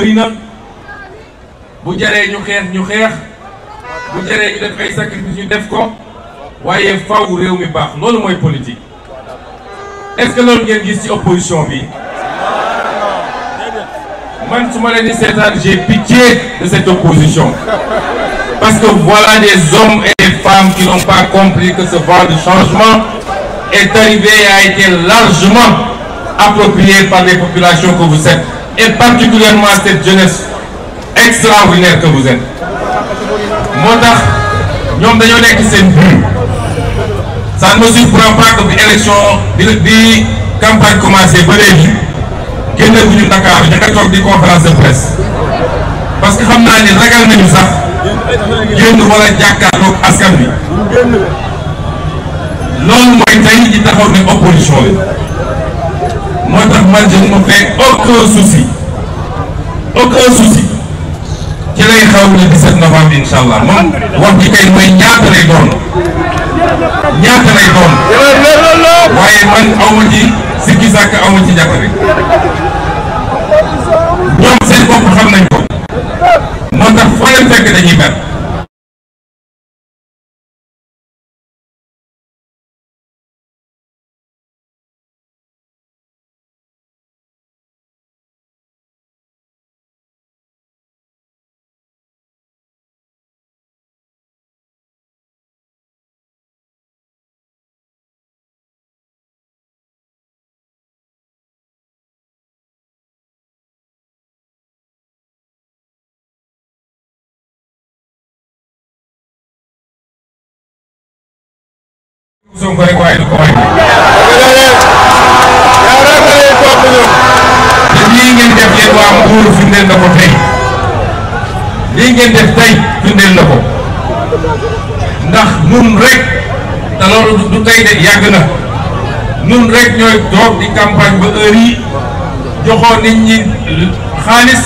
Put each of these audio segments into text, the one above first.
bëri na bu jaree ñu xeex ñu xeex bu jaree ñu def ko waaye faw réew mi baax mooy politique est-ce que loolu ngeen gis bi man su ma leen di seetaan j'ai pitié de cette opposition parce que voilà des hommes et des femmes qui n'ont pas compris que ce vent de changement est arrivé a été largement approprié par les populations que vous êtes et particulièrement cette jeunesse extraordinaire que vous êtes moo tax ñoom dañoo nekk seen biir ça ne me surprend pas bi élection di di campagne commencé ba léegi génneguñu Dakar ña nga toog di conférence de presse parce que xam naa ni ragal nañu sax génn wala jàkkaarloog askan bi loolu mooy tey ñi taxaw ne opposition bi moo tax man je ne me fais aucun souci aucun ci lay xaw le 17 novembre incha allah moom wax ji kay mooy ñaata lay doon ñaata lay doon waaye man aw ma ci sikki sàkk aw ma ci njàkkare Sonko rek waaye du ko waay. lii ngeen def yéen waa Mbour firndeel na ko tey lii ngeen def tey firndeel na ko ndax nun rek te du tey de yàgg na nun rek ñooy toog di campagne ba heure yi joxoon nit ñi xaalis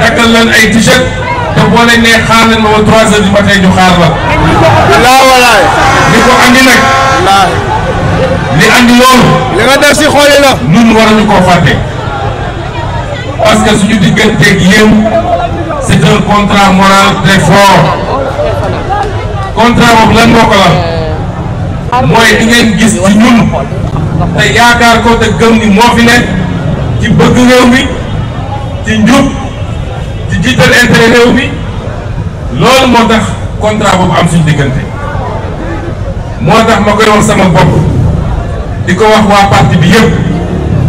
dakkal leen ay t te boo leen nee xaar leen ba trois heures du matin ñu xaar la. laa walaay. li ko andi nag. walaay. li andi loolu. li nga def si xol yi la. ñun waruñu koo fàtte. parce que suñu digganteeg yéen c' est un contrat moral très fort. contrat boobu lan moo la. mooy di ngeen gis ci ñun. te yaakaar ko te gëm ni moo fi nekk. ci bëgg réew mi ci njub. jiital intérêt réew mi loolu moo tax contrat boobu am suñu diggante moo tax ma koy wax sama bopp di ko wax waa parti bi yëpp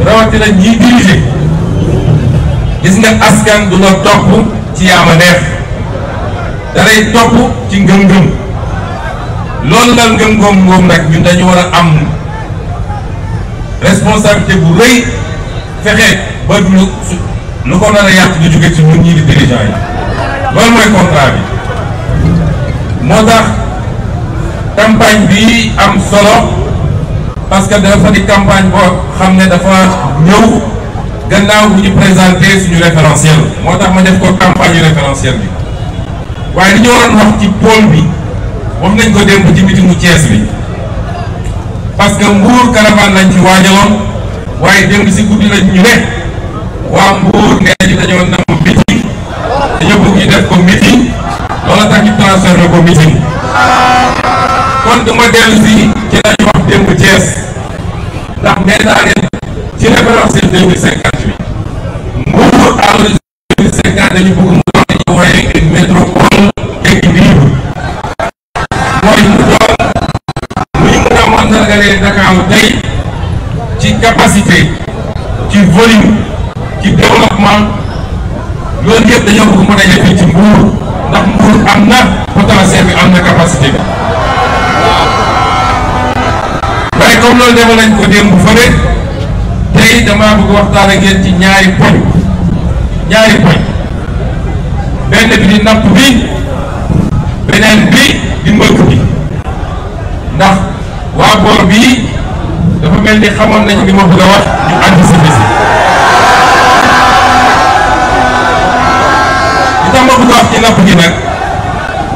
rawatina ñiy diriger gis nga askan du la topp ci yaama neex topp ci ngëm-ngëm loolu daal ngëm-ngëm nag ñun dañu war a am responsabilité bu rëy fexe ba du su. lu ko nar a yàq du jóge ci ñun ñii di yi loolu mooy contrat bi moo tax campagne bi am solo parce que dafa di campagne boo xam ne dafa ñëw gannaaw bu ñu présenter suñu référentiel moo tax ma def ko campagne référentiel bi waaye li ñu waroon wax ci pôle bi wax nañ ko dem ci miti mu Thiès bi parce que Mbour caravane lañ ci waajaloon waaye démb si guddi lañ ñu ne waa Mbour nee nañu dañoo nam meeting dañoo bëgg ñu def ko meeting loola tax ñu transféré ko meeting kon dama dellu ci lañu démb Thiès ndax nee ci référentiel 2050 bi Mbour àll 2050 dañu mu doon dañu wooyee une métropole équilibre mooy mu doon tey ci capacité ci volume ci développement loolu yëpp dañoo bëgg mu daje fii ci Mbour ndax Mbour am na potentiel bi am na capacité bi waaye comme loolu defe nañ ko démb fële tey damaa bëgg waxtaan ak yéen ci ñaari poñ ñaari poñ benn bi di napp bi beneen bi di mbëkk bi ndax waa boor bii dafa mel ni xamoon nañu li ma bëgg a wax ñu anticiper si ci napp gi nag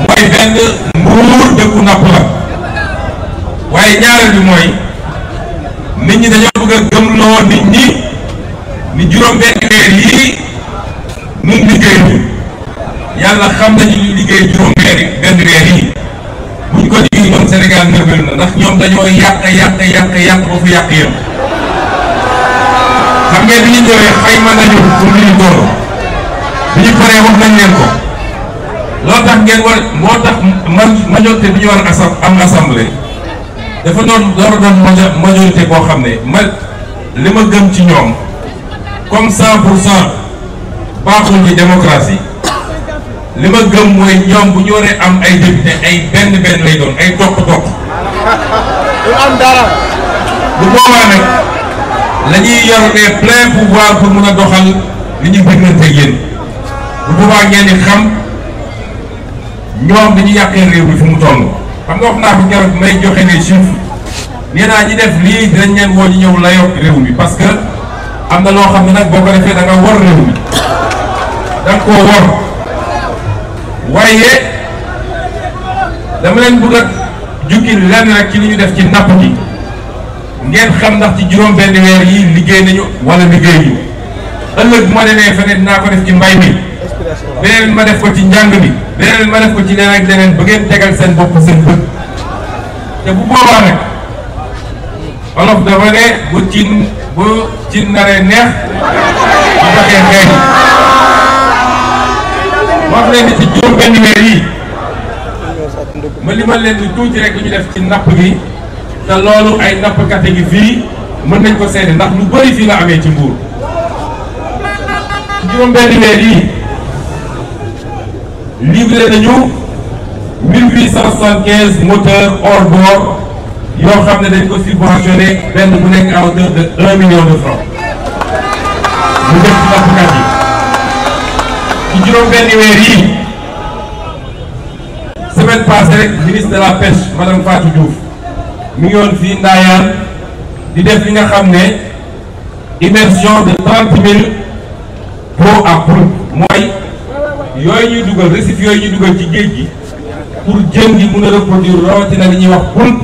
mooy benn mbuur dëkku napp la waaye ñaareel bi mooy nit ñi dañoo bëgg a gëmloo nit ñi ni juróom-benn weer yii nun liggéey yàlla xam nañu liggéey juróom-benn weer yi buñ ko liggéey ñoom Sénégal nëbël na ndax ñoom dañoo yàq yàq yàq yàq ba fu yàq yem xam ngeen bi ñu ñëwee xayma nañu pour li ñu góor bi ñu paree wax nañ leen ko. loo tax ngeen war moo tax man majorité bi ñu war a am assemblée dafa doon door a doon majorité boo xam ne ma li ma gëm ci ñoom comme cent pour cent baaxul ci démocratie li ma gëm mooy ñoom bu ñu waree am ay député ay benn benn lay doon ay toq-toq. du am dara. bu boobaa nag la ñuy yor les plein pouvoir pour mun a doxal li ñu bëgganteeg yéen bu boobaa ngeen di xam. ñoom dañu yàqee réew mi fi mu toll xam nga wax naa ko keroog may joxe les chiffres nee naa ñi def lii dinañ leen woo ñu ñëw layoo réew bi parce que am na loo xam ne nag boo ko defee da nga war réew mi da koo war waaye dama leen bëgg a jukki lenn rek ci li ñu def ci napp gi ngeen xam ndax ci juróom benn weer yi liggéey nañu wala liggéey yi ëllëg bu ma demee feneen dinaa ko def ci mbay mi beneen ma def ko ci njàng bi beneen ma def ko ci leneen ak leneen ba ngeen tegal seen bopp seen bët te bu boobaa nag olof dafa ne bu cin bu cin naree neex bu baxee xeeñ wax leen ni ci juróom benn weer yi ma li ma leen di tuuti rek lu ñu def ci napp gi te loolu ay nappkat gi fii mën nañ ko seeni ndax lu bëri fii la amee ci mbuur juróom benn weer yi livré nañu 1875 moteurs hors yoo xam ne dañ ko subventionné benn bu nekk à hauteur de million de francs mu jëm ci nappkat yi ci juróom-benni weer yi semaine passée rek de la pêche madame Fatou Diouf mi ngi woon di def li nga xam ne immersion de 30 000 pro à groupe mooy. yooyu ñuy dugal récif yooyu ñuy dugal ci géej gi pour jën yi mun a reproduire rawatina li ñuy wax bunt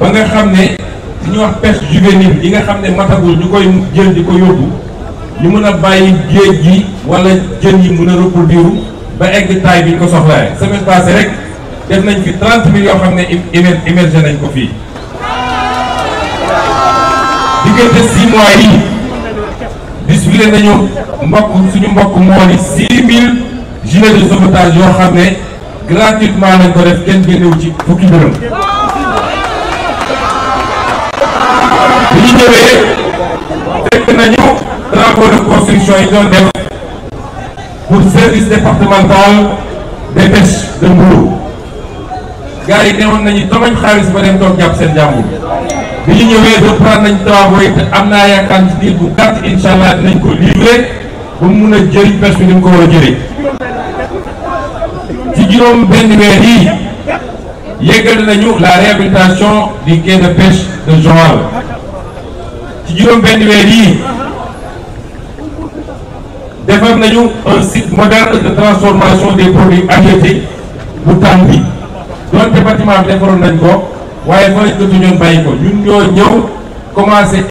ba nga xam ne ñu ñuy wax pêche juvénile yi nga xam ne matagul ñu koy jël di ko yóbbu ñu mun a bàyyi géej gi wala jën yi mun a reproduire ba egg taay yi ko soxlaaye semaine passée rek def nañ fi 30 000 yoo xam ne émergé nañ ko fii diggante 6 mois yi distribué nañu mbokk suñu mbokk mool yi 6 000 gilet de sauvetage yoo xam ne gratuitement lañ ko def kenn génnewu ci fukki dërëm. bi ñu ñëwee fekk nañu drapeau de construction yi doon def pour service départemental des pêches de Mbour. gars yi newoon nañu tomañ xaalis ba dem toog jàpp seen jàmbur. bi ñu ñëwee reprendre nañ travaux yi am naa yaakaar ci diir bu gàtt incha allah dinañ ko livrer ba mu mun jëriñ pêche bi ni ko war jëriñ. ci juróom benn weer yi yëggal nañu la réhabilitation du quai de pêche de Joal ci juróom benn weer yi defar nañu un site moderne de transformation des produits halieutiques bu Tàmbi doon département bi defaroon nañ ko waaye fa lañ ko bàyyi ko ñun ñëw commencé